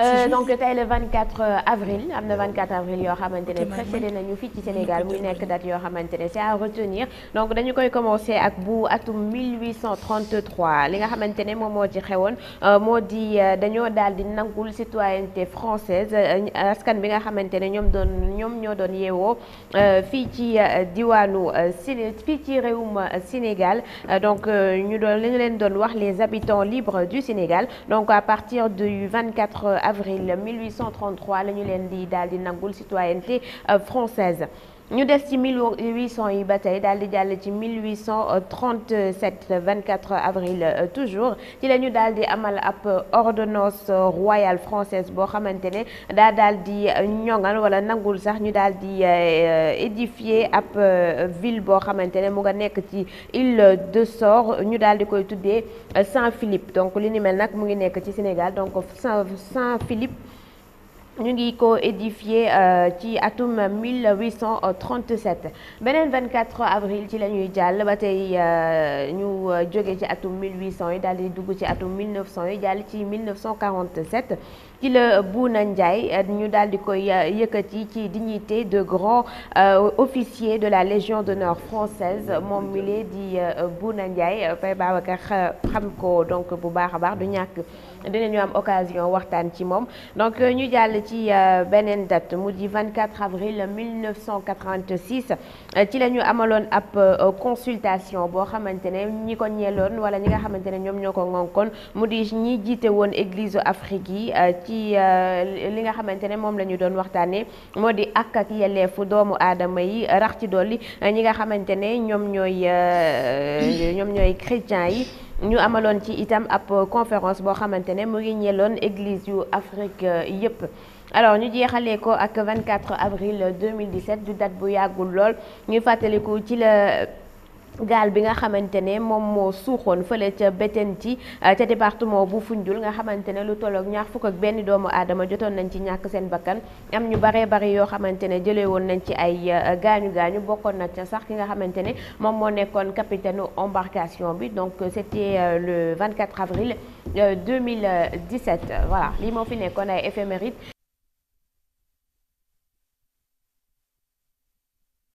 Euh, donc tey le 24 euh, avril am 24 avril yo xamantene ne précédé nañu fi ci Sénégal muy nek date yo xamantene c'est à retenir donc dañu koy commencer ak bu atum 1833 li nga xamantene ne moom moo ci xewoon euh, moo di dañoo daal nangul citoyenneté française askan bi nga xamantene ñom don ñom ñoom ñoo doon yeewoo ci diwanu Séné ci réewum Sénégal donc ñu don li ñu leen wax les habitants libres du Sénégal donc à partir du 24 avril 1833 la ñu leen di dal di nangul citoyenneté euh, française nous sommes ci 1800 yi ba tey 1837 24 avril euh, toujours Nous la ñu amal ordonnance royale française boo xamante ne daa di euh, euh, ville de Sor ñu Saint-Philippe donc nous mel Sénégal donc Saint-Philippe ñu ngi ko édifié euh, ci atum 1837 Benen 24 avril ci lañuy jall batay euh, ñu euh, jóge ci atum 1800 yi di dugg ci atum 1900 yi jàll ci 1947 ci le Bouna Ndiaye ñu daal di koy yëkkati ci dignité de grand officier de la Légion d'honneur française mom milé di Bouna Ndiaye fay Babacar xam ko donc bu baax baax du ñak dinañu am occasion waxtaan ci mom donc ñu jall ci euh, beneen date mu di 24 avril 1986 euh, ci la ñu amaloon ab euh, consultation boo xamante ne ñi ko ñeeloon wala ñi nga xamante ne ñoom ñoo ko ŋonkoon ñi jiite woon église Afrique yi ci li nga xamante ne moom la ñu doon waxtaanee moo di ak ak yelleefu doomu aadama yi rax ci dolli ñi nga xamante ne ñoom ñooy ñoom ñooy yi ñu amalon ci itam ap conférence bo xamantene ne mu ngi ñeeloon église yu Afrique euh, yépp alors ñu jéxalé ko ak 24 avril 2017 du date bu yàggul lool ñuy fàttaliku ci la gal bi nga xamantene mom mo moo fele fële ca ci euh, ca département bu Foundiougne nga xamantene lu tolloog ñaar fuk ak benn doomu adama jotoon nañ ci ñàkk seen bakkan am ñu bare bare yo xamantene ne won nañ ci ay euh, gañu gañu bokon na ca sax ki nga xamantene mom mo moo capitaine embarcation bi donc euh, c'était le 24 avril 2017 voilà li mo fi nekkoon ay éphémérides